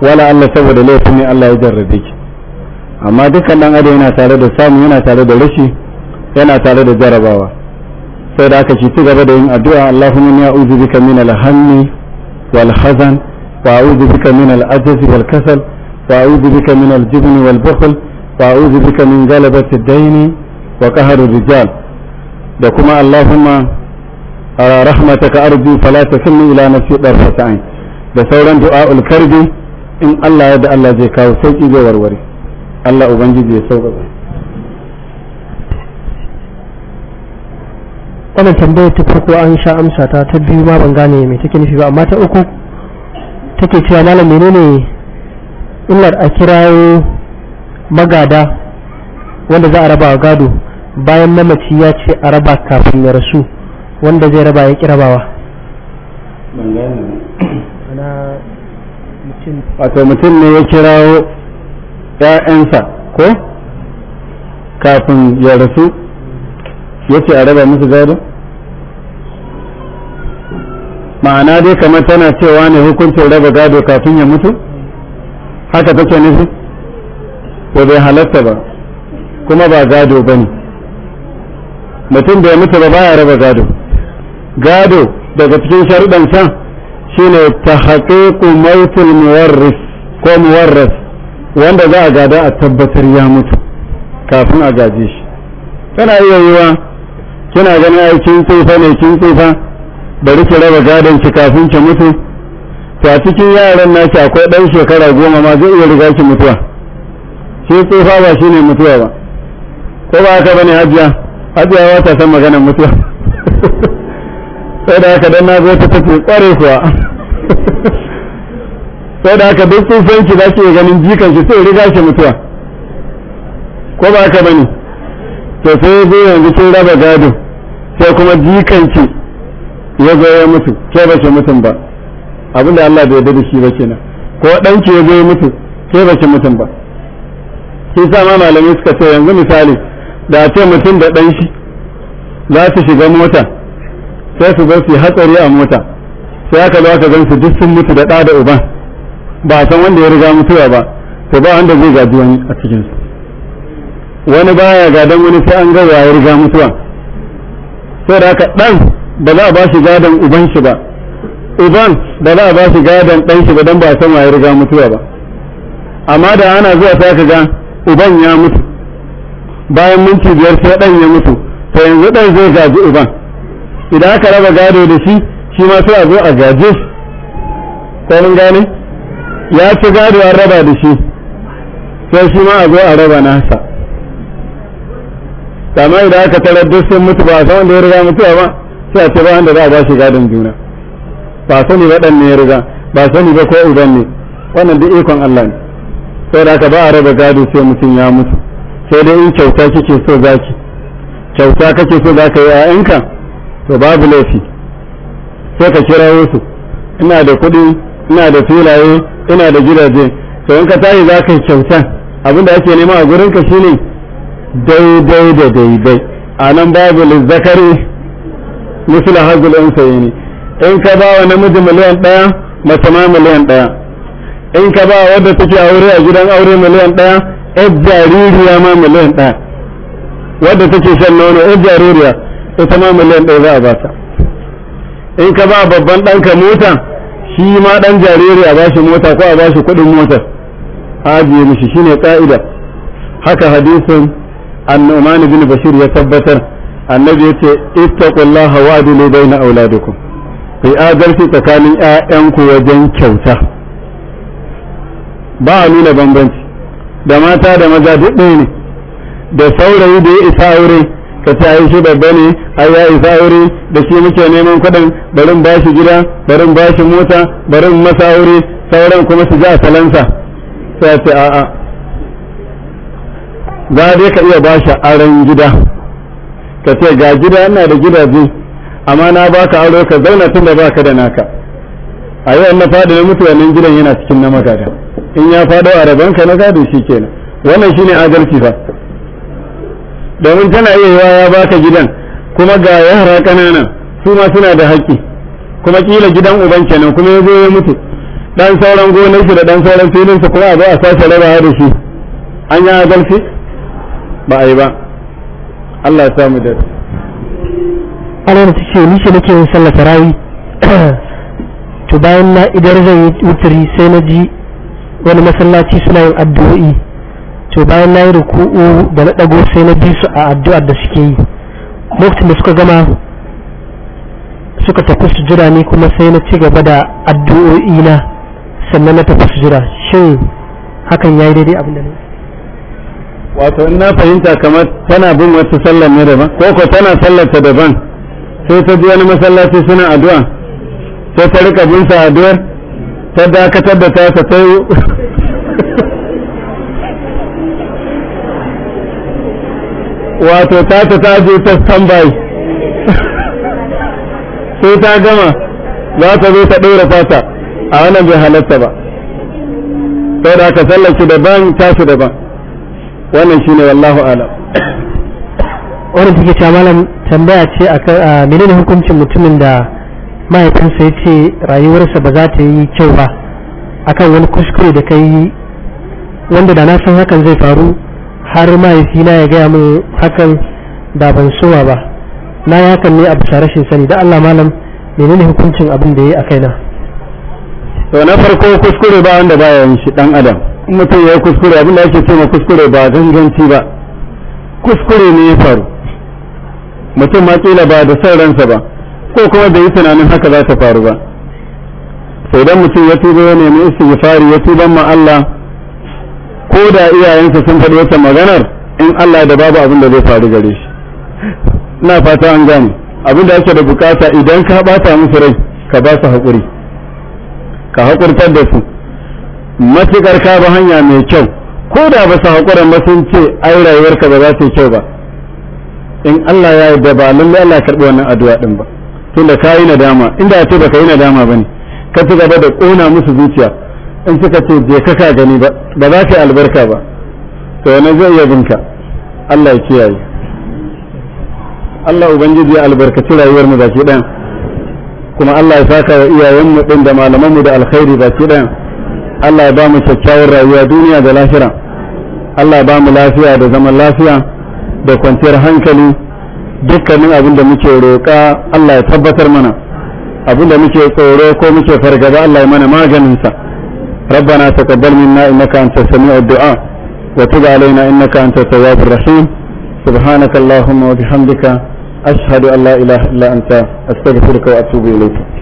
wala Allah saboda laifi ne Allah ya jarrabe ki amma dukkan dan adam yana tare da samu yana tare da rashi yana tare da jarabawa sai da aka ci ci gaba da yin addu'a Allahumma inni a'udhu bika min al-hammi والخزن وأعوذ بك من العجز والكسل وأعوذ بك من الجبن والبخل وأعوذ بك من غلبة الدين وقهر الرجال دكما اللهم على رحمتك أرجو فلا تكلني إلى نفسي طرفة عين da دعاء du'a'ul إن الله يدعى ya da جوار zai kawo sauki zai warware wannan tambayar ta farko an sha amsa ta ta biyu ma ban gane mai take nufi ba amma ta uku take cewa malam menene illar a kirayo magada wanda za a raba gado bayan mamaci ya ce a raba kafin ya rasu wanda zai raba ya kira bawa. wato mutum ne ya kirawo ‘ya'yansa ko kafin ya rasu ya ce a raba musu gado? ma'ana dai kamar tana cewa ne hukuncin raba gado kafin ya mutu haka take nufi ko bai halatta ba kuma ba gado ba ne mutum bai mutu ba baya raba gado gado daga cikin sharuɗan can ne ta haƙiƙu mautul muwarris ko muwarras wanda za a gada a tabbatar ya mutu kafin a gaje shi tana iya yiwa kina ganin aikin kin tsufa ne kin tsufa bari ki raba gadon ki kafin ki mutu ta cikin yaran na ki akwai ɗan shekara goma ma zai iya riga ki mutuwa shi tsofa ba shi ne mutuwa ba ko ba haka bane hajiya hajiya ba ta san maganar mutuwa sai da haka dan na zo ta tafi kware kuwa sai da haka duk tsofan ki za ki iya ganin jikan ki sai riga ki mutuwa ko ba haka bane to sai zai yanzu kin raba gado sai kuma jikan ki ya zo ya mutu ke ba ki mutum ba abin da Allah bai da shi ba kenan ko ɗanki ya zo ya mutu ke ba shi mutum ba shi sa ma malamai suka ce yanzu misali da a ce mutum da ɗan shi za su shiga mota sai su zo su yi hatsari a mota sai aka zo aka gan su duk sun mutu da ɗa da uban ba a san wanda ya riga mutuwa ba to ba wanda zai gaji wani a cikinsu wani baya gadon wani sai an ga ya riga mutuwa sai da haka ɗan ba za a ba shi gadon uban shi ba uban ba za a ba shi gadon ɗan shi ba don ba san waye riga mutuwa ba amma da ana zuwa ta ka ga uban ya mutu bayan minti biyar sai ɗan ya mutu to yanzu ɗan zai gaji uban idan aka raba gado da shi shi ma sai a zo a gaje shi ko mun gane ya ci gado an raba da shi sai shi ma a zo a raba nasa amma idan aka tarar duk sun mutu ba a san wanda ya riga mutuwa ba sai a ce ba wanda za a ba shi gadon juna ba sani ne ya riga ba sani ba ko uban ne wannan duk ikon Allah ne sai da aka ba a raba gado sai mutum ya mutu sai dai in kyauta kike so zaki kyauta kake so zaka ka yi ƴaƴanka to babu laifi sai ka kira su ina da kuɗi ina da filaye ina da gidaje to in ka tashi zaka ka yi kyauta abin da ake nema a gurinka shine daidai da daidai a nan babu lizzakari misla hazul unsayni in ka ba wa namiji miliyan ɗaya mace ma miliyan ɗaya in ka ba wadda take aure a gidan aure miliyan ɗaya yar jaririya ma miliyan ɗaya wadda take shan nono yar jaririya ita ma miliyan ɗaya za a ba ta in ka ba babban ɗanka mota shi ma ɗan jariri a bashi mota ko a bashi kuɗin motar ajiye mishi shine ƙa'ida haka hadisin annuman bin bashir ya tabbatar annabi ya ce ittaqullaha wa adilu baina auladikum ku adalci tsakanin ƴaƴanku wajen kyauta ba a nuna bambanci da mata da maza duk ɗaya ne da saurayi da ya isa aure ka ce ai shi babba ne ai ya isa aure da shi muke neman kuɗin barin bashi gida barin bashi mota barin masa aure sauran kuma su ja salansa sai ce a'a za dai ka iya bashi aron gida ka ce ga gida ina da gidaje amma na baka aure ka zauna tun da baka da naka a yau na fadi na mutu wannan gidan yana cikin na magada in ya fado a rabon ka na gado shi kenan wannan shine adalci fa domin tana iya yawa ya baka gidan kuma ga yara kanana su ma suna da haƙƙi kuma kila gidan uban kenan kuma ya zo ya mutu dan sauran gonar shi da dan sauran filin su kuma a zo a sace raba da shi an yi adalci ba a yi ba Allah ya samu da Allah ta ce ni ce nake yin sallah tarawih to bayan na idar zan yi wuturi sai na ji wani masallaci suna yin addu'o'i to bayan na yi ruku'u da na dago sai na bi su a addu'ar da suke yi lokacin da suka gama suka tafi jira ne kuma sai na ci gaba da addu'o'i na sannan na tafi jira shin hakan ya yi daidai abin da ne wato in na fahimta kamar tana bin wata sallar ne daban ko ko tana sallar ta daban sai ta ji wani masallaci suna addu'a sai ta rika bin sa addu'ar ta dakatar da ta ta tayo wato ta ta ta je ta standby sai ta gama za ta zo ta ɗora fata a wannan bai halatta ba sai da aka sallar shi daban tashi daban wannan shine wallahu alam wannan take cewa malam tambaya ce a menene hukuncin mutumin da mahaifinsa ya ce rayuwarsa ba za ta yi kyau ba akan wani kuskure da kai wanda da na san hakan zai faru har mahaifina ya gaya min hakan da ban sowa ba na yi hakan ne a bisa rashin sani da Allah malam menene hukuncin abin da ya yi a kaina to na farko kuskure ba wanda baya yin shi dan adam mutum ya yi kuskure abin da ake ce ma kuskure ba ganganci ba kuskure ne ya faru mutum ma kila ba da son ransa ba ko kuma bai yi tunanin haka za ta faru ba sai dan mutum ya tuba ya nemi istighfari ya tuba ma Allah ko da iyayensa sun faɗi wata maganar in Allah da babu abin da zai faru gare shi ina fata an gane abin da ake da bukata idan ka bata musu rai ka ba su haƙuri ka haƙurtar da su matuƙar ka ba hanya mai kyau ko da ba su haƙuran ba sun ce ai rayuwarka ba za su yi kyau ba in Allah ya yarda ba lallai Allah karɓi wannan addu'a din ba tunda ka yi nadama inda ya ce ba ka yi nadama ba ne ka ci gaba da ƙona musu zuciya in suka ce je ka ka gani ba ba za ka yi albarka ba to wannan zai iya binka Allah ya kiyaye Allah ubangiji ya albarkaci rayuwar mu baki ɗaya kuma Allah ya saka wa iyayen mu din da malaman mu da alkhairi baki ɗaya Allah ya ba mu kyakkyawar rayuwa duniya da lahira Allah ya ba mu lafiya da zaman lafiya da kwanciyar hankali dukkanin abin da muke roƙa Allah ya tabbatar mana abin da muke tsoro ko muke fargaba Allah ya mana maganinsa ربنا تقبل منا إنك أنت السميع الدعاء وتب علينا إنك أنت التواب الرحيم سبحانك اللهم وبحمدك أشهد أن لا إله إلا أنت أستغفرك وأتوب إليك